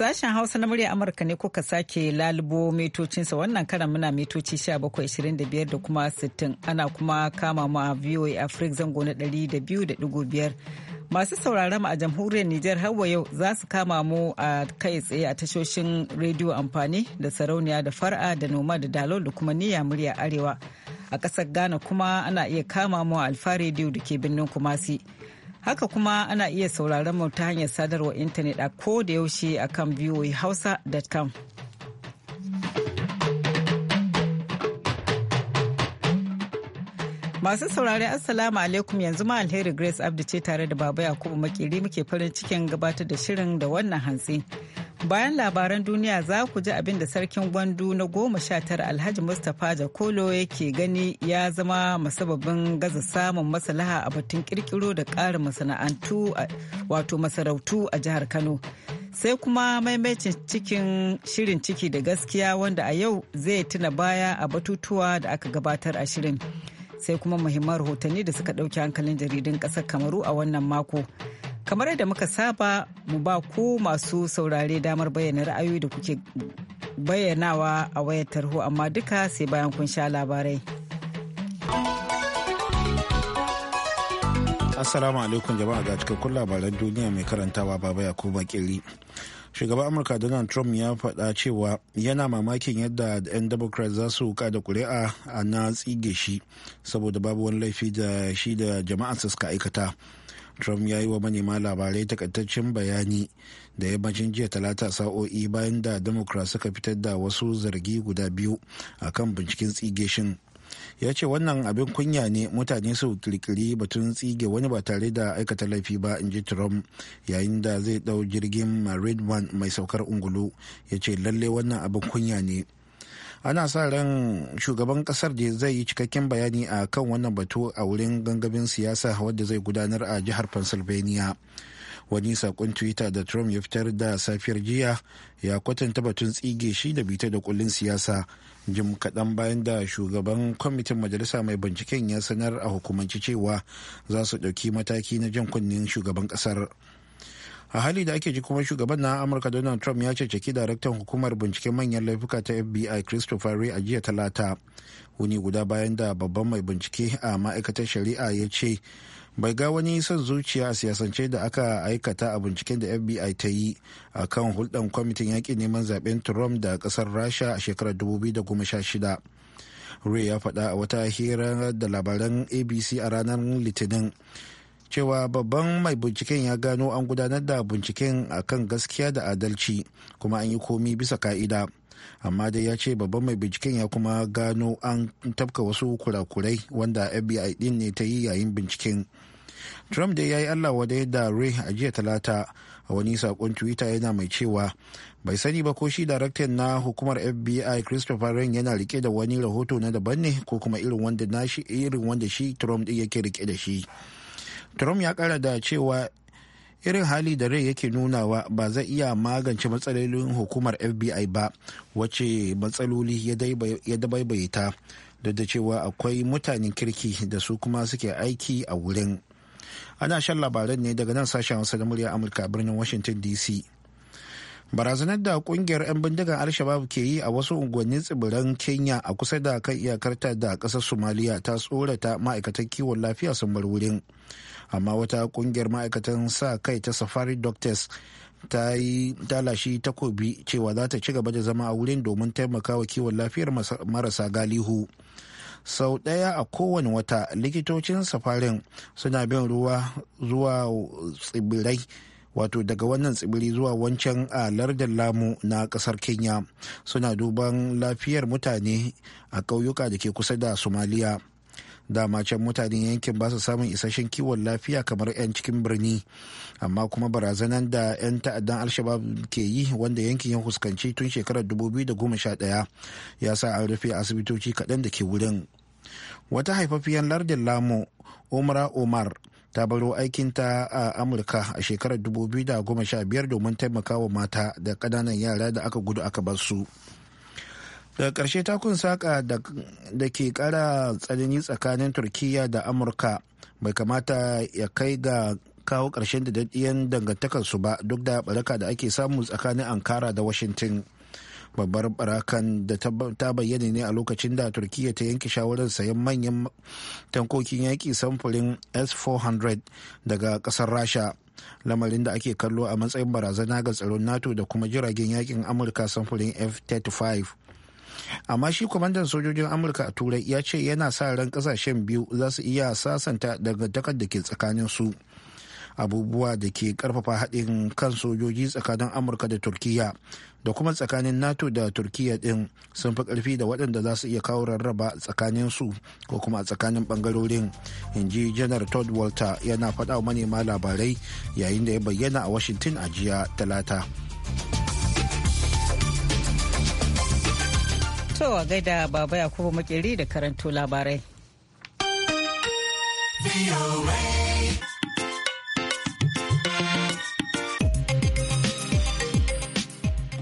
Sashen Hausa na murya Amurka ne kuka sake lalubo metocinsa wannan karan muna metoci 1725 da kuma 60 ana kuma kama mu a VOA Africa zango na 200.5 masu sauraron mu a jamhuriyar Nijar hawa yau za su kama mu a kai tsaye a tashoshin rediyo amfani da sarauniya da far'a da noma da dalo da kuma niyya murya arewa a ƙasar Ghana kuma ana iya kama mu a alfa rediyo da ke birnin Kumasi. Haka kuma ana iya sauraron mu ta hanyar sadarwar intanet a ko da yaushe akan voahausa.com. Masu saurari Assalamu alaikum yanzu ma alheri Grace Abdi ce tare da Baba Yakubu Makeri muke farin cikin gabatar da shirin da wannan hantsi. Bayan labaran duniya za ku ji abin da sarkin gwandu na goma sha tara Alhaji Mustapha Jakolo yake gani ya zama masababin gaza samun maslaha a batun kirkiro da ƙarin masana'antu wato masarautu a jihar Kano. Sai kuma maimacin cikin shirin ciki da gaskiya wanda a yau zai tuna baya a batutuwa da aka gabatar a shirin. Sai kuma muhimman rahotanni da suka ɗauki hankalin jaridun ƙasar Kamaru a wannan mako. kamar yadda muka saba mu ba ku masu saurare damar bayyana ra'ayoyi da kuke bayyanawa a wayar tarho amma duka sai bayan kun sha labarai assalamu alaikum jama'a ga cikakkun labaran duniya mai karantawa baba yakuba kiri shugaban amurka donald trump ya faɗa cewa yana mamakin yadda 'yan democrats za su da kuri'a a na tsige shi saboda babu wani laifi da shi da jama'a suka aikata trump ya yi wa manema labarai takaitaccen bayani da yammacin jiya talata sa'o'i bayan da democrat suka fitar da wasu zargi guda biyu akan binciken tsigeshin ya ce wannan abin kunya ne mutane su kirkiri batun tsige wani ba tare da aikata laifi ba in ji trump yayin da zai dau jirgin redman mai saukar ungulu ya ce lalle wannan abin kunya ne ana sa ran shugaban kasar da zai yi cikakken bayani a kan wannan batu a wurin gangamin siyasa wadda zai gudanar a jihar pennsylvania wani sakon twitter da trump ya fitar da safiyar jiya ya kwatanta batun tsige shi da bita da kullin siyasa jim kaɗan bayan da shugaban kwamitin majalisa mai binciken ya sanar a hukumance cewa za su ɗauki mataki na jan kunnen shugaban ƙasar. a hali da ake ji kuma shugaban na amurka donald trump ya ceceki daraktan hukumar binciken manyan laifuka ta fbi christopher ray a jiya talata wuni guda bayan da babban mai bincike a ma'aikatar shari'a ya ce bai ga wani son zuciya a siyasance da aka aikata a binciken da fbi ta yi a kan hulɗan kwamitin yaƙi neman zaben trump da ƙasar rasha a shekarar 2016 ray ya faɗa a wata hira da labaran abc a ranar litinin cewa babban mai binciken ya gano an gudanar da binciken a kan gaskiya da adalci kuma an yi komi bisa ka'ida amma dai ya ce babban mai binciken ya kuma gano an tafka wasu kurakurai wanda fbi din ne ta yi yayin binciken trump dai ya yi allah wa dai da ray a jiya talata a wani sakon twitter yana mai cewa bai sani ba ko shi daraktan na hukumar fbi christopher wren yana rike da wani rahoto na daban ne ko kuma irin wanda shi trump din yake rike da shi trump ya kara da cewa irin hali da rai yake nunawa ba zai iya magance matsalolin hukumar fbi ba wace matsaloli ya dabaibaye ta duk da cewa akwai mutanen kirki da su kuma suke aiki a wurin ana shan labaran ne daga nan sashen hausa da murya amurka birnin washington dc barazanar da kungiyar 'yan bindigar al-shabab ke yi a wasu unguwannin tsibiran kenya a kusa da kan iyakarta da kasar somaliya ta tsorata ma'aikatan kiwon lafiya sun bar wurin amma wata kungiyar ma'aikatan sa kai ta safari doctors ta yi talashi takobi cewa za ta ci gaba da zama a wurin domin taimakawa kiwon lafiyar marasa galihu sau ɗaya a kowane wata likitocin safarin suna bin ruwa zuwa tsibirai wato daga wannan tsibiri zuwa wancan a lardin lamu na kasar kenya suna duban lafiyar mutane a ƙauyuka da ke kusa da somaliya dama can mutanen yankin ba su samun isasshen kiwon lafiya kamar 'yan cikin birni amma kuma barazanan da 'yan ta'addan alshabab ke yi wanda yankin ya fuskanci tun shekarar 2011 ya sa an rufe asibitoci kaɗan da ke wurin wata haifafiyan lardin lamu umra umar. ta baro aikinta a amurka a shekarar 2015 domin taimakawa mata da kananan yara da aka gudu aka bar su daga ƙarshe takun saƙa da ke ƙara tsanani tsakanin turkiya da amurka bai kamata ya kai ga kawo ƙarshen da dangantakar su ba duk da baraka da ake samu tsakanin ankara da washington babbar barakan da ta bayyana ne a lokacin da turkiya ta yanke shawarar sayan manyan tankokin yaƙi samfurin s-400 daga ƙasar rasha lamarin da ake kallo a matsayin barazana ga tsaron nato da kuma jiragen yakin amurka samfurin f-35 amma shi kwamandan sojojin amurka a turai ya ce yana sa ran kasashen biyu za su iya sasanta dangantakar da ke tsakanin su abubuwa da ke karfafa haɗin kan sojoji tsakanin amurka da turkiyya. da kuma tsakanin nato da turkiya din sun fi karfi da waɗanda za su iya kawo rarraba tsakanin su ko kuma a tsakanin bangarorin inji janar todd walter yana faɗa wa manema labarai yayin da ya bayyana a washington a jiya talata to gaida baba yakubu makeri da karanto labarai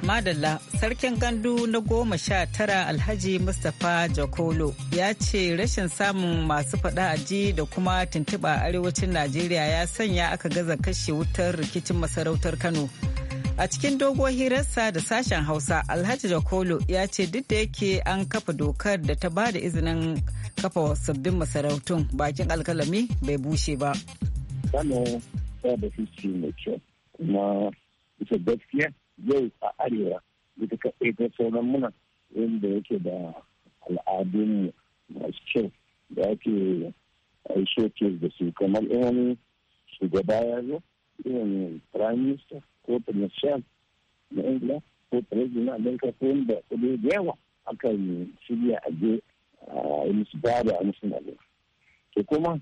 Madalla Sarkin Gandu na goma sha tara Alhaji Mustapha Jakolo ya ce rashin samun masu faɗa aji da kuma tuntuɓa arewacin Najeriya ya sanya aka gaza kashe wutar rikicin masarautar Kano. A cikin doguwar hirarsa da sashen Hausa, Alhaji Jakolo ya ce duk da yake an kafa dokar da ta ba da izinin kafa sabbin masarautun bakin alkalami bai bushe ba. Kano eh, yau a arewa ita kaɗai ta sauran muna wanda yake da al'adun masu kyau da ake showcase da su kamar wani shugaba ya zo irin prime minister ko premier na ingila ko president amurka ko wanda kudu da yawa akan shirya a je a yi musu ba da amsin abin to kuma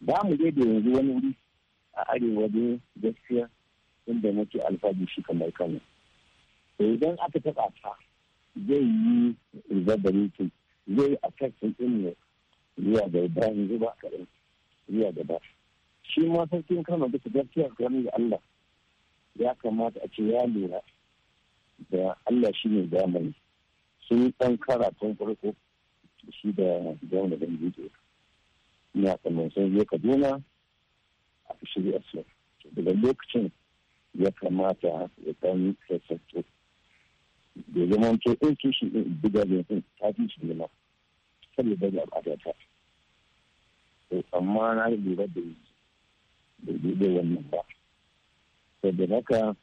ba ah, mu je da yanzu wani wuri a arewa da gaskiya inda nake alfabu shi kamar kano idan aka taɓa ta zai yi reverberating zai yi affecting ne zuwa da bayan zuba kaɗan zuwa da ba shi ma sarkin kano duka gaskiya gani da allah ya kamata a ce ya lura da allah shi ne zamani sun yi ɗan karatun farko shi da zaune da zuwa ina kamar sun je kaduna a shirya su daga lokacin ya kamata ya ɗan sassato da zaman to ɗin shi in buga da yankin ta shi nema saboda da al'adata ko amma na yi lura da yi da wannan ba saboda haka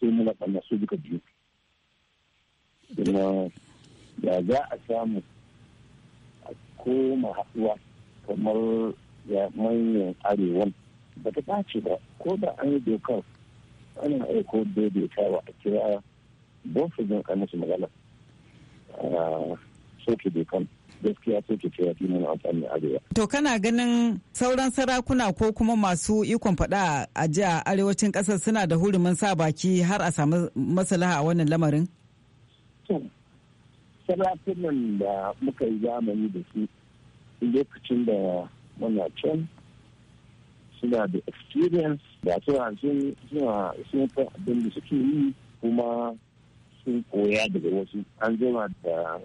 sai muna ɓanna su duka biyu kuma da za a samu a koma haɗuwa kamar ya manyan arewan ba ta ba ko da an yi dokar ana aiko kawa a kira don su zan kan musu magana ah, soke bai kan gaskiya soke cewa fi mun amfani arewa. To kana ganin sauran sarakuna ko kuma masu ikon faɗa a jiya arewacin ƙasar suna da hurumin sa baki har a samu maslaha a wannan lamarin? Sarakunan da muka yi zamani da su lokacin da muna can suna da experience da suna suna sun fi abin da suke yi kuma sun koya daga wasu an zama da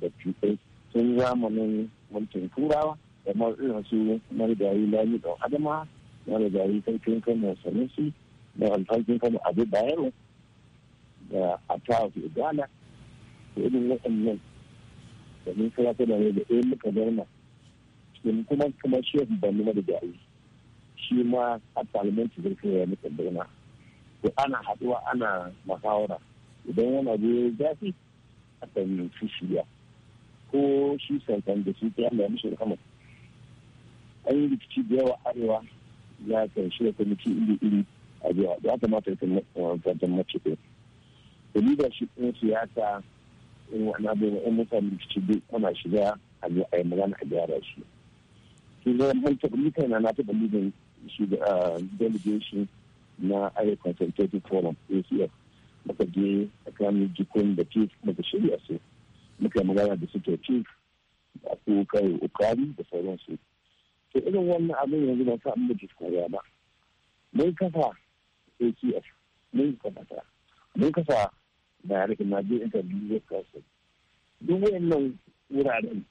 da cutai sun zamanin mulkin turawa kamar irin su marigayi lami don adama marigayi sarkin kano sanusi da alfakin kano abu bayero da atawa fi gana da irin waɗannan domin kira ta da ne da ɗaya muka zauna cikin kuma kuma shef ban nuna da jari shi ma a parliamenti zai kai to ana haɗuwa ana mahawara. idan wani abu ya fi shirya ko shi sankan da ta mishi an yi rikici da yawa arewa ya kan shirya kwamiti iri-iri a jiya ya kamata ta jammace ɗaya da leadership ɗin siyasa in wani abu na mutane rikici duk ana shiga a yi magana a gyara shi. Kin zama taɓa mutane na taɓa Uh, delegation na Aya Consultative Forum ACF muka je tsakanin jikon da chief muka shirya su muka magana da su chief da su kai ukari da sauransu to irin wannan abin yanzu ba sa amma ya ba mun kafa ACF mun kafa ta mun kafa da biyu Intermediate Council duk wayannan wuraren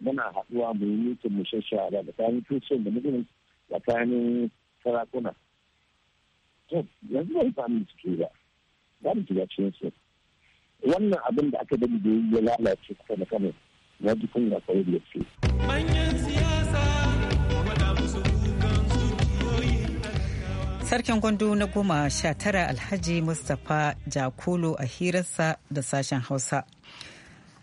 muna haɗuwa mu yi mutum mu shashara da kayan tushen da mutum tsakanin sarakuna to yanzu bai samu ciki ba ba mu shiga cikin su wannan abin da aka dade da ya lalace kusa da kano na jikin da kawai da ce manyan siyasa Sarkin kwando na goma sha tara Alhaji Mustapha Jakolo a hirarsa da sashen Hausa.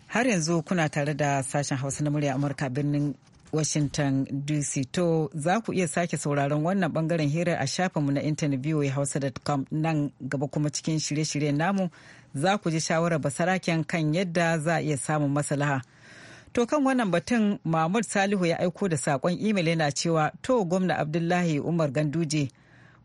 Har yanzu kuna tare da sashen Hausa na murya Amurka birnin Washington DC. To za ku iya sake sauraron wannan bangaren hirar a shafinmu na intanet hausa.com nan gaba kuma cikin shirye-shiryen namu za ku ji shawarar basaraken kan yadda za a iya samun maslaha. To kan wannan batun Mahmud Salihu ya aiko da saƙon imel yana cewa to gwamna Abdullahi Umar Ganduje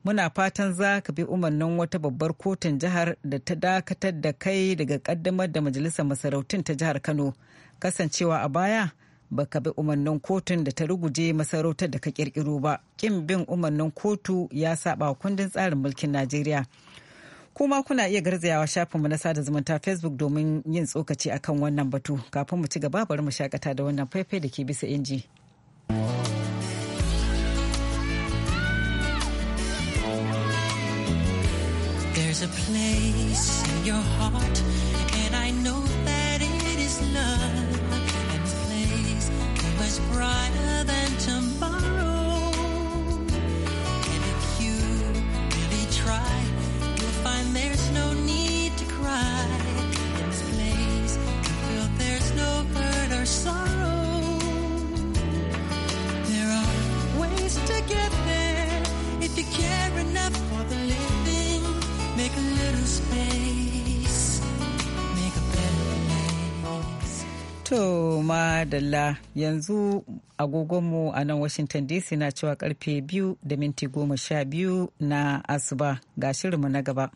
muna fatan za ka bi umarnin wata babbar kotun jihar da ta dakatar da kai daga kaddamar da majalisar masarautun ta jihar Kano kasancewa a baya. baka bi umarnin kotun da ta ruguje masarautar da ka kirkiro ba kin bin umarnin kotu ya saba kundin tsarin mulkin najeriya kuma kuna iya garzayawa shafinmu na sada zumunta facebook domin yin tsokaci akan wannan batu kafin mu ci gaba bari mu shakata da wannan faifai da ke bisa inji. There's a place in your heart, and I know brighter than tomorrow. Dalla yanzu agogonmu a nan washington dc na cewa karfe biyu da minti goma sha biyu na asuba ga shirinmu na gaba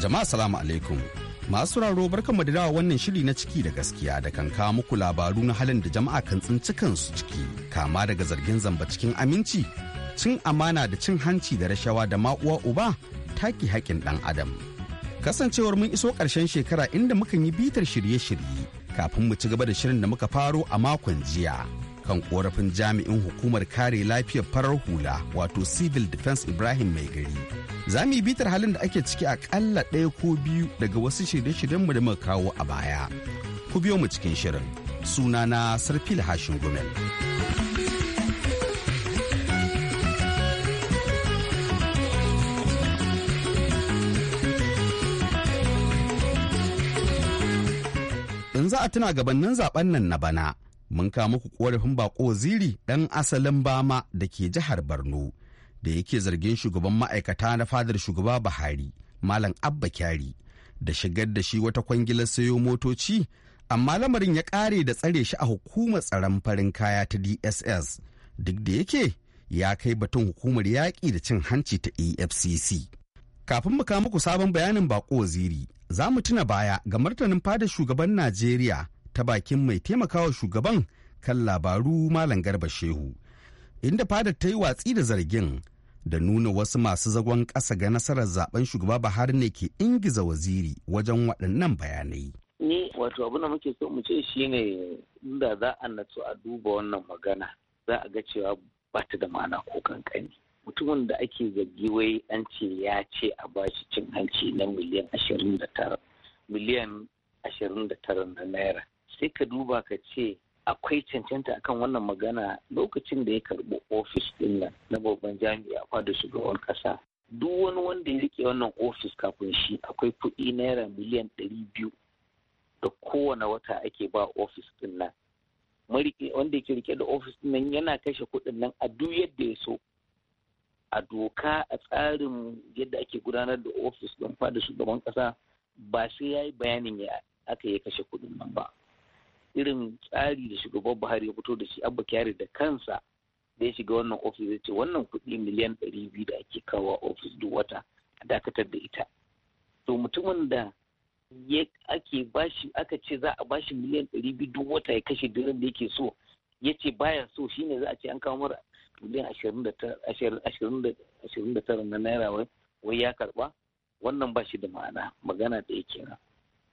jama'a salamu alaikum masu raro barkanmu da dawa wannan shiri na ciki da gaskiya da kan kawo muku labaru na halin da jama'a kan tsinci kansu ciki kama daga zargin zamba cikin aminci cin amana da cin hanci da rashawa da ma'uwa uba taki haƙƙin ɗan adam kasancewar mun iso ƙarshen shekara inda mukan yi bitar shirye-shirye kafin mu ci gaba da shirin da muka faro a makon jiya kan korafin jami'in hukumar kare lafiyar farar hula wato civil defense ibrahim mai gari za mu yi bitar halin da ake ciki kalla ɗaya ko biyu daga wasu shirye-shiryenmu da muka kawo a baya ku biyo mu cikin shirin sunana sarfil hashin gumel. za a tuna gabanin zaben nan na bana mun ka muku korafin bako ziri dan asalin bama da ke jihar borno da yake zargin shugaban ma'aikata na fadar shugaba buhari malam abba kyari da shigar da shi wata kwangilar sayo motoci amma lamarin ya kare da tsare shi a hukumar tsaron farin kaya ta dss duk da yake ya kai batun hukumar yaƙi da cin hanci ta efcc kafin mu muku sabon bayanin bako ziri Za mu tuna baya ga martanin fadar shugaban Najeriya ta bakin mai taimakawa shugaban kan labaru Malam Garba Shehu, inda fadar ta yi watsi da zargin da nuna wasu masu zagon ƙasa ga nasarar zaben shugaba Buhari ne ke ingiza waziri wajen waɗannan bayanai. Ni wato abu da muke so mu ce shi ne inda za a natsu a duba wannan magana za a ga cewa ba ta da ma'ana ko kankani. mutumin da ake zargi wai an ce ya ce a bashi cin hanci na miliyan ashirin da tara miliyan ashirin da tara na naira sai ka duba ka ce akwai cancanta akan wannan magana lokacin da ya karbi ofis din nan na babban jami'a da shugaban kasa duk wani wanda ya rike wannan ofis kafin shi akwai kuɗi naira miliyan ɗari biyu da kowane wata ake ba ofis din nan wanda ke rike da ofis din nan yana kashe kuɗin nan a duk yadda ya so a doka a tsarin yadda ake gudanar da ofis don fada shugaban kasa ba sai ya yi bayanin ya aka yi kashe kudin nan ba irin tsari da shugaban buhari ya fito da shi abba kyari da kansa da ya shiga wannan ofis ya ce wannan kuɗi miliyan ɗari biyu da ake kawo ofis duk wata a dakatar da ita to mutumin da ya ake bashi aka ce za a bashi miliyan ɗari biyu duk wata ya kashe duk da yake so ya ce baya so shine za a ce an kawo mara miliyan ashirin da tara na naira wai ya karba wannan ba shi da ma'ana magana da yake na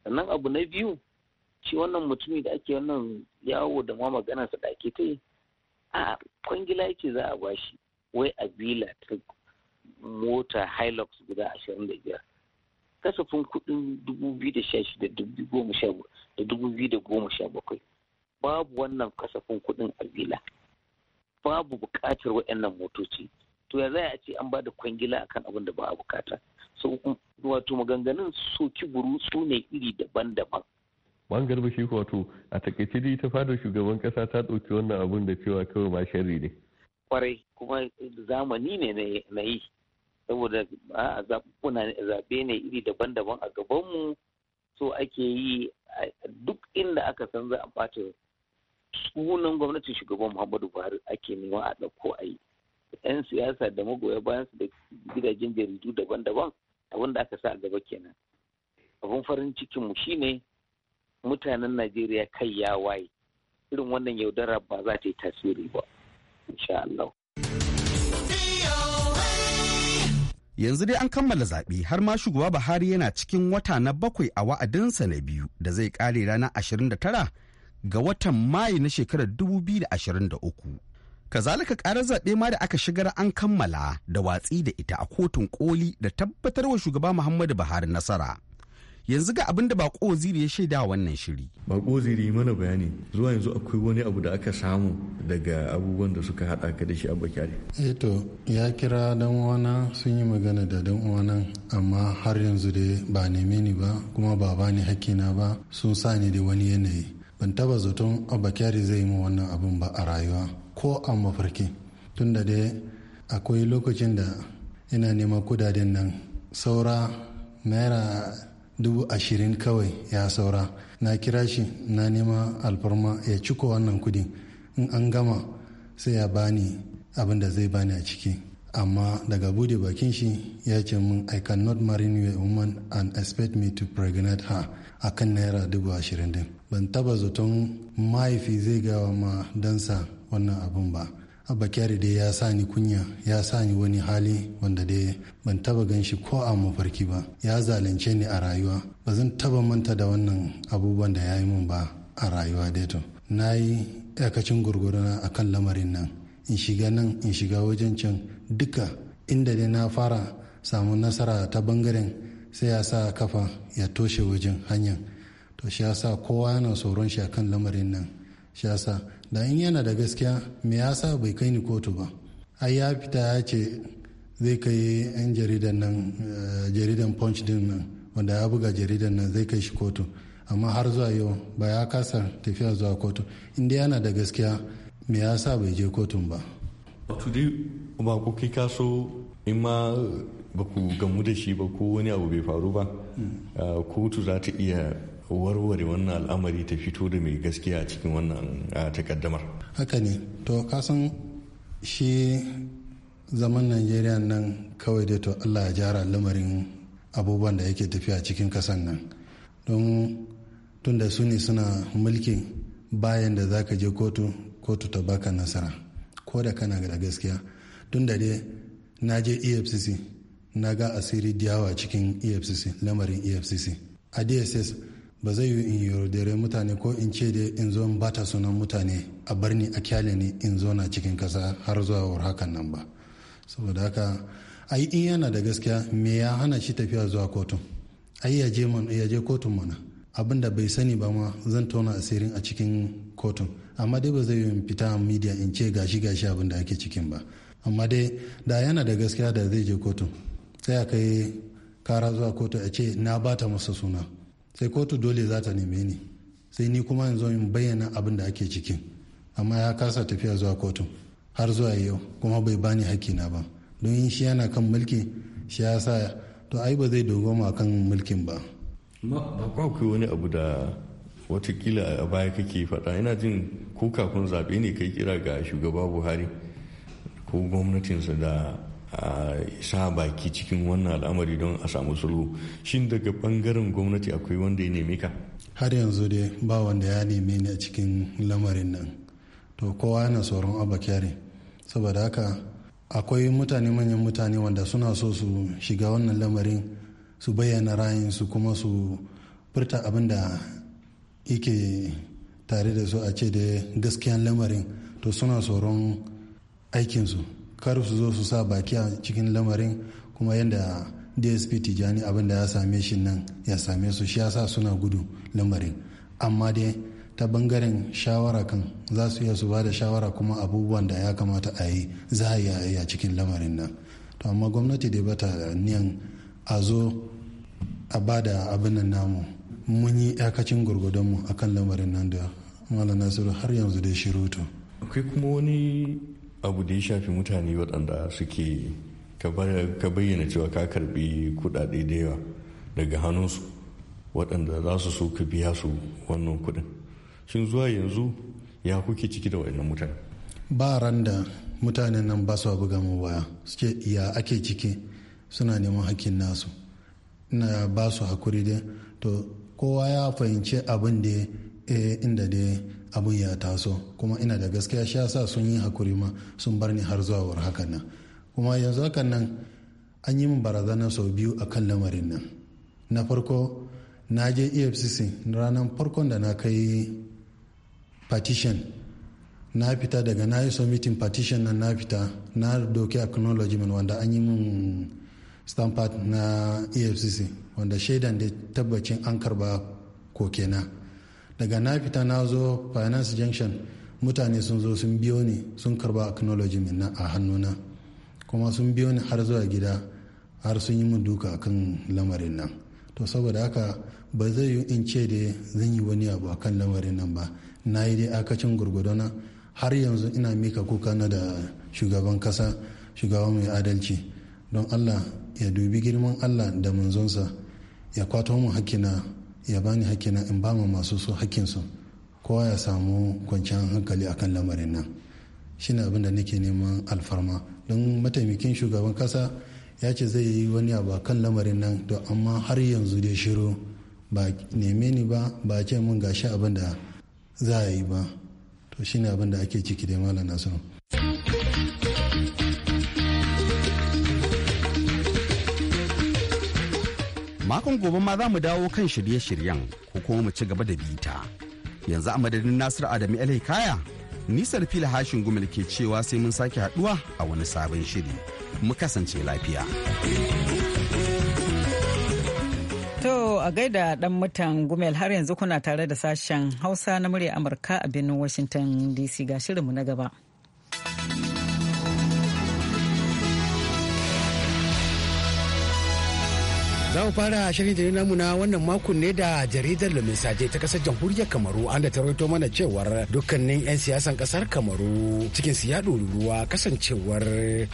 sannan abu na biyu shi wannan mutumi da ake wannan yawo da ma magana su ta yi a kwangila yake za a bashi wai a bila ta mota hilux guda ashirin da biyar kasafin kudin dubu biyu da sha shida da dubu biyu goma sha bakwai babu wannan kasafin kudin a bila babu bukatar waɗannan motoci to ya zai a ce an ba da kwangila kan abin da ba a bukata so wato maganganun soki burutsu ne iri daban-daban ban garba shi ko wato a takaice dai ta fadar shugaban kasa ta ɗauki wannan abun da cewa kawai ma sharri ne kwarai kuma zamani ne na yi saboda a zaɓe ne iri daban-daban a gabanmu so ake yi duk inda aka san za a ɓata sunan gwamnatin shugaban muhammadu buhari ake nema a ɗauko a yi yan siyasa da magoya bayan su da gidajen jaridu daban-daban abin da aka sa a gaba kenan abin farin cikin mu shine mutanen najeriya kai ya waye irin wannan yaudara ba za ta yi tasiri ba insha Allah. yanzu dai an kammala zaɓe har ma shugaba buhari yana cikin wata na bakwai a wa'adinsa na biyu da zai ƙare ranar tara. ga watan Mayu na shekarar 2023. Kazalika karar zaɓe ma da aka shigar an kammala da watsi da ita a kotun koli da tabbatar wa shugaba Muhammadu Buhari nasara. yanzu ga abin da bako waziri ya shaida wannan shiri. Bako waziri mana bayani zuwa yanzu akwai wani abu da aka samu daga abubuwan da suka haɗa ka da shi abu kyari. Eto eh ya kira dan uwana sun yi magana da dan uwana amma har yanzu dai ba neme ni ba kuma ba ba hakki hakkina ba sun sa ni da wani yanayi. ban taba zaton abakari zai mu wannan abin ba a rayuwa ko a mafarki tunda dai akwai lokacin da ina neman kudaden nan saura naira dubu ashirin kawai ya saura na kira shi na nema alfarma ya ciko wannan kudin in an gama sai ya bani abin da zai bani a ciki amma daga bude bakin shi ya ce min i cannot marry a woman and expect me to pregnant her akan naira dubu ashirin din ban taba zaton mahaifi zai gawa ma dansa wannan abin ba abba kyari dai ya sa ni kunya ya sa ni wani hali wanda dai ban taba gan shi ko a mafarki ba ya zalunce ni a rayuwa ba zan taba manta da wannan abubuwan da ya yi min ba a rayuwa dai to na yi yakacin gurguruna a kan lamarin nan in shiga nan in shiga wajen can duka inda dai na fara samu nasara ta bangaren sai ya sa kafa ya toshe wajen hanyar to shi yasa kowa yana tsoron shi akan lamarin nan shi yasa da in yana da gaskiya me yasa bai kai ni kotu ba ai ya fita ya ce zai kai yan jaridan nan eh, jaridan punch din nan wanda ya buga jaridan nan zai kai shi kotu amma har zuwa yau ba ya kasa tafiya zuwa kotu inda yana da gaskiya me yasa bai je kotun ba wato dai kuma ku kai kaso in ma ba ku gamu da shi ba ko wani abu bai faru ba hmm. eh, kotu za ta iya warware wannan al'amari ta fito da mai gaskiya a cikin wannan ah, takaddamar haka ne to kasan shi zaman najeriya nan kawai dai to allah ya jara lamarin abubuwan da yake tafiya cikin kasan nan don tunda su ne suna mulkin bayan da za ka je kotu kotu ta baka nasara ko da kana da gaskiya Tun da dai na je efcc na ga asiri diyawa cikin efcc lamarin efcc a dss ba zai yi in yaudare mutane ko in ce da in zo bata sunan mutane a bar ni a kyale ni in zo na cikin kasa har zuwa war hakan nan ba saboda haka ai in yana da gaskiya me ya hana shi tafiya zuwa kotun ai ya je ya je kotun mana abin da bai sani ba ma zan tona asirin a cikin kotun amma dai ba zai yi fita a media in ce gashi gashi abin da ake cikin ba amma dai da yana da gaskiya da zai je kotun sai a kai kara zuwa kotu a ce na bata masa suna sai kotu dole za ta neme ni sai ni kuma yanzu in bayyana abin da ake cikin amma ya kasa tafiya zuwa kotu har zuwa yau kuma bai bani na ba don yin shi yana kan mulki shi ya sa to ai ba zai dogoma kan mulkin ba ba kai wani abu da watakila a baya kake faɗa ina jin ko kafin zaɓe ne kai kira ga shugaba buhari ko gwamnatinsa da a sa baki cikin wannan al'amari don a samu sulhu shin daga bangaren gwamnati akwai wanda ya nemi ka har yanzu dai ba wanda ya neme ni a cikin lamarin nan to kowa yana tsoron abakari saboda haka akwai mutane manyan mutane wanda suna so su shiga wannan lamarin su bayyana rayin su kuma su furta abin da yake tare da su a ce da gaskiyan lamarin to suna tsoron aikinsu kar su zo su sa baki a cikin lamarin kuma yadda dsp tijani abin da ya same shi nan ya same su shi yasa suna gudu lamarin amma dai ta bangaren shawara kan za su iya su ba da shawara kuma abubuwan da ya kamata a yi za a yi a cikin lamarin nan to amma gwamnati dai bata niyan a zo a ba da abin nan namu mun yi yakacin gurgudunmu kan lamarin nan da malam nasiru har yanzu dai shirutu akwai kuma wani abu da ya shafi mutane waɗanda suke ka bayyana cewa ka karbi kuɗaɗe da yawa daga hannunsu waɗanda za su so ka biya su wannan kuɗin shin zuwa yanzu ya kuke ciki da waɗannan mutane ba ran da mutanen nan ba su buga mu waya suke ya ake ciki suna neman hakkin nasu ina ba su hakuri dai to kowa ya fahimci abin da eh, inda dai abin ya taso kuma ina da gaskiya sha sa sun yi hakuri ma sun bar ni har zuwa war hakan nan kuma yanzu hakan nan an yi min barazana sau biyu a kan lamarin nan na farko na je efcc ranar farkon da na kai partition na fita daga na yi submitting partition nan na fita na doki acknowledgement wanda an yi min stampart na efcc wanda shaidan da tabbacin an karba kokena daga na fita na zo finance junction mutane sun zo sun biyo ni sun karba technology acknowledgement a hannuna kuma sun biyo ni har zuwa gida har sun yi min duka akan lamarin nan to saboda haka ba zai yi in ce da zan yi wani abu akan lamarin nan ba na yi dai akacin gurgudana har yanzu ina mika kuka na da shugaban kasa shugaban mai adalci don allah ya dubi girman allah da manzonsa ya kwato mu hakkina ya bani hakkina in ba ma masu so su kowa ya samu kwanciyar hankali akan lamarin nan shine abin da nake neman alfarma don mataimakin shugaban kasa ya ce zai yi wani abu kan lamarin nan to amma har yanzu dai shiru ba neme ni ba ba ce mun gashi abin da za a yi ba to ne abin da ake ciki da malam nasiru makon gobe ma za mu dawo kan shirye-shiryen ko kuma mu ci gaba da bita yanzu a madadin nasiru adamu alai kaya nisar fila hashin gumil ke cewa sai mun sake haduwa a wani sabon shiri mu kasance lafiya To a gaida dan mutan gumel har yanzu kuna tare da sashen hausa na murya amurka a birnin washington dc ga shirinmu na gaba. Za mu fara shirin jirgin namu na wannan makon ne da jaridar Lumin Saje ta kasar jamhuriyar Kamaru an da ta rawaito mana cewar dukkanin 'yan siyasan kasar Kamaru cikin su ya ruwa kasancewar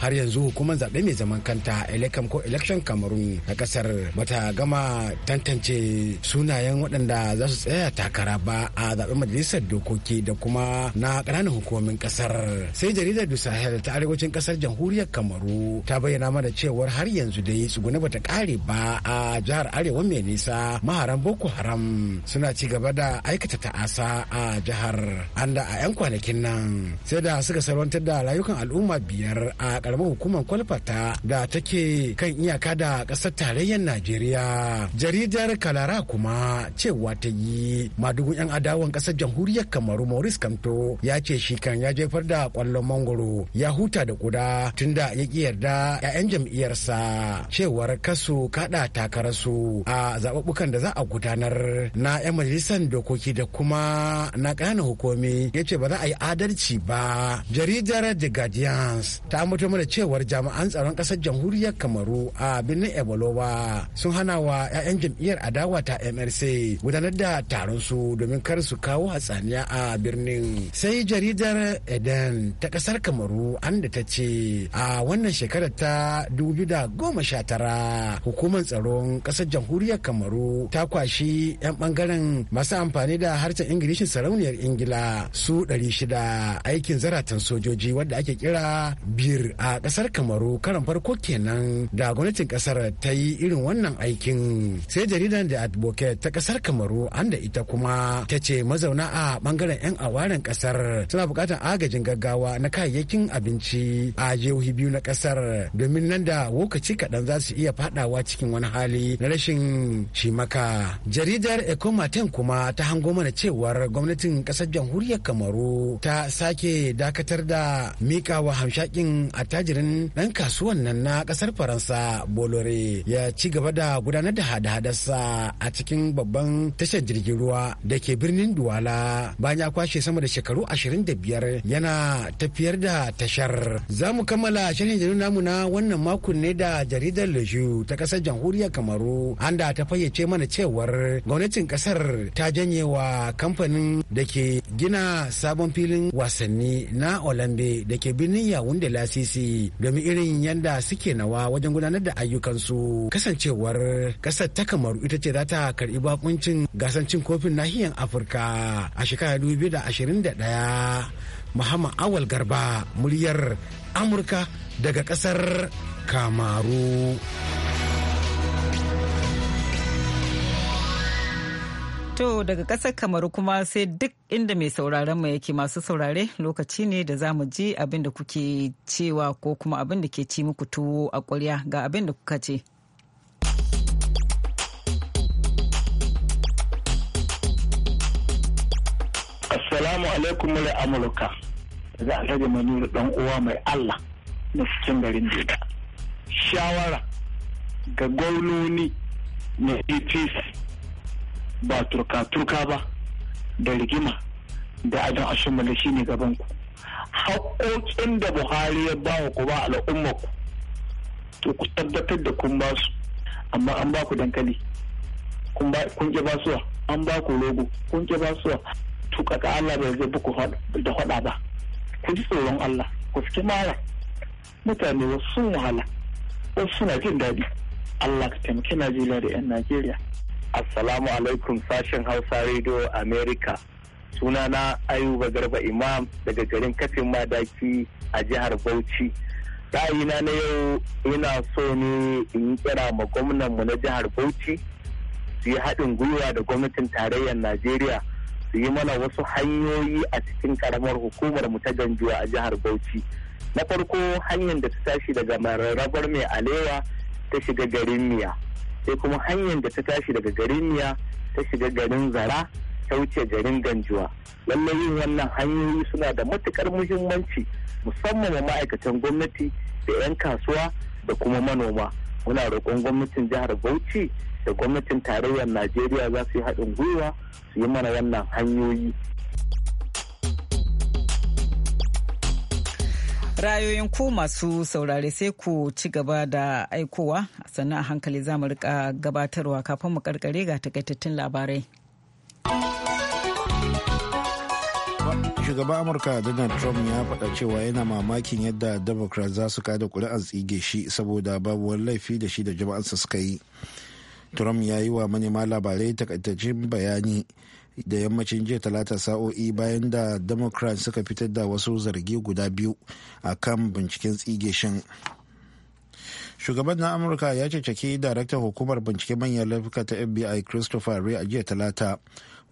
har yanzu hukumar zaɓe mai zaman kanta Elekam ko Election Kamarun na kasar bata gama tantance sunayen waɗanda za su tsaya takara ba a zaɓen majalisar dokoki da kuma na ƙananan hukumomin kasar. Sai jaridar Du Sahel ta arewacin kasar jamhuriyar Kamaru ta bayyana mana cewar har yanzu dai tsuguna bata ƙare ba a jihar arewa mai nisa maharan boko haram suna ci gaba da aikata ta'asa a jihar anda a 'yan kwanakin nan sai da suka salwantar da rayukan al'umma biyar a karamar hukumar kwalfata da take kan iyaka da ƙasar tarayyar najeriya jaridar kalara kuma cewa ta yi madugun 'yan adawan ƙasar jamhuriyar kamaru Moris kamto ya ce shi kan ya jefar da kwallon mangoro ya huta da kuda tunda ya ƙi yarda 'ya'yan jam'iyyarsa cewar kasu kaɗa takararsu a zaɓuɓɓukan da za a gudanar na 'yan majalisar dokoki da kuma na ƙananan hukumi ya ce ba za a yi adalci ba jaridar the guardians ta amince mana cewar jami'an tsaron ƙasar jamhuriyar kamaru a birnin ebolowa sun hana wa 'ya'yan jam'iyyar adawa ta mrc gudanar da taron su domin kar su kawo hatsaniya a birnin sai jaridar eden ta ƙasar kamaru an da ta ce a wannan shekarar ta 2019 hukumar tsaro tsaron kasar jamhuriyar kamaru ta kwashi 'yan bangaren masu amfani da harshen ingilishin sarauniyar ingila su 600 aikin zaratan sojoji wadda ake kira bir a kasar kamaru karan farko kenan da gwamnatin kasar ta yi irin wannan aikin sai jaridan da advocate ta kasar kamaru an da ita kuma ta ce mazauna a bangaren 'yan awaren kasar suna bukatar agajin gaggawa na kayayyakin abinci a jihohi biyu na kasar domin nan da lokaci kaɗan za su iya fadawa cikin wani hali na rashin shi maka jaridar ecomaten kuma ta hango mana cewar gwamnatin kasar jamhuriyar kamaru ta sake dakatar da mika wa hamshakin attajirin ɗan kasuwan nan na kasar faransa bolore ya ci gaba da gudanar da hada-hadarsa a cikin babban tashar jirgin ruwa da ke birnin duwala bayan ya kwashe sama da shekaru 25 yana tafiyar da tashar za mu kammala shirin jirgin namu na wannan makon ne da jaridar lejou ta kasar jamhuriyar jamhuriyar kamaru da ta fayyace mana cewar gwamnatin kasar ta janye wa kamfanin da ke gina sabon filin wasanni na olambe da ke birnin yawun da lasisi domin irin yadda suke nawa wajen gudanar da ayyukansu kasancewar kasar ta kamaru ita ce za ta karɓi bakuncin gasar cin kofin nahiyar afirka a shekarar 2021 muhammad awal garba muryar amurka daga kasar kamaru. To daga ƙasar kamaru kuma sai duk inda mai sauraron mu yake masu saurare lokaci ne da za mu ji abin da kuke cewa ko kuma abin da ke ci muku tuwo a ƙwarya ga abin da kuka ce. Assalamu alaikum wa Amurka. Daga Alhaji Manuru dan uwa mai Allah na cikin garin Jeda. Shawara ga gwamnoni na APC ba turka-turka ba da rigima da adam ashimala shi ne gabanku haƙoƙin da buhari ya ba wa kuma al'ummarku to ku tabbatar da kun ba su amma an ba ku dankali kun ƙi ba suwa an ba ku rogo kun ƙi ba suwa Allah bai zai buku da haɗa ba ku ji tsoron Allah ku fi mara mutane wasu sun wahala wasu suna jin daɗi Allah ka taimaki Najeriya da 'yan Najeriya Assalamu alaikum sashen Hausa Radio America. Sunana Ayuba Garba Imam daga garin Kafin Madaki a jihar Bauchi. Ra'ayina na yau ina so ne in yi kira ma gwamnanmu na jihar Bauchi su yi haɗin gwiwa da gwamnatin tarayyar Najeriya su yi mana wasu hanyoyi a cikin karamar hukumar mu ta ganjuwa a jihar Bauchi. Na farko hanyar da ta tashi daga mararrabar mai alewa ta shiga garin miya. sai kuma hanyar da ta tashi daga garin niya ta shiga garin zara ta wuce garin ganjuwa lallai yin wannan hanyoyi suna da matukar muhimmanci musamman wa ma'aikatan gwamnati da 'yan kasuwa da kuma manoma muna roƙon gwamnatin jihar bauchi da gwamnatin tarayyar najeriya za su yi haɗin gwiwa su yi mana wannan hanyoyi rayoyin ku masu saurare sai ku ci gaba da aikowa sannan a hankali za mu rika gabatarwa kafin mu karkare ga takaitattun labarai shugaban amurka donald trump ya faɗa cewa yana mamakin yadda democrats za su kada kuri'ar tsige shi saboda babu wani laifi da shi da jama'arsa suka yi trump ya yi wa manema labarai takaitaccen bayani da yammacin jiya talata sa'o'i bayan da democrats suka fitar da wasu zargi guda biyu a kan binciken tsigeshin shugaban na amurka ya ceceki daraktan hukumar binciken manyan laifuka ta fbi christopher ray a jiya talata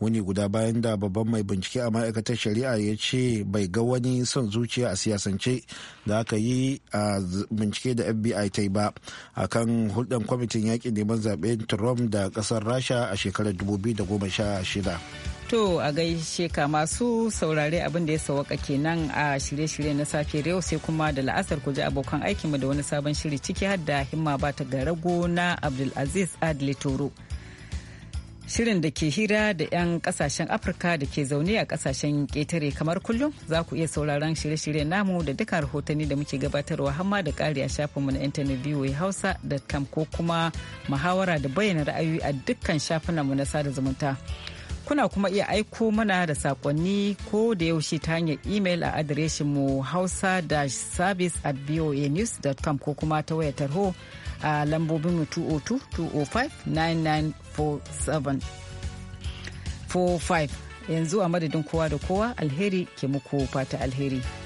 wani guda bayan da babban mai bincike a ma'aikatar shari'a ya ce bai ga wani son zuciya a siyasance da aka yi a bincike da fbi ta yi ba a kan hulɗar kwamitin yaƙin neman zaɓen trump da ƙasar rasha a shekarar 2016 To a gaishe ka masu saurare abin da ya sawaka kenan a shirye-shirye na safe yau sai kuma da la'asar ku ji abokan aikinmu da wani sabon shiri ciki har himma ba ta garago na Abdulaziz Adli Toro. Shirin da ke hira da 'yan kasashen Afirka da ke zaune a kasashen ƙetare kamar kullum za ku iya sauraron shirye shirye namu da dukkan rahotanni da muke gabatarwa hamma da ƙari a shafinmu na intanet hausa da kam ko kuma muhawara da bayyana ra'ayoyi a dukkan shafinanmu na sada zumunta. Kuna kuma iya aiko mana da sakonni ko da yaushe ta hanyar imel a adireshinmu hausa-service at voanews.com ko kuma ta wayar tarho a lambobin 202 205 9947 45 yanzu a madadin kowa da kowa alheri ke muku fata alheri.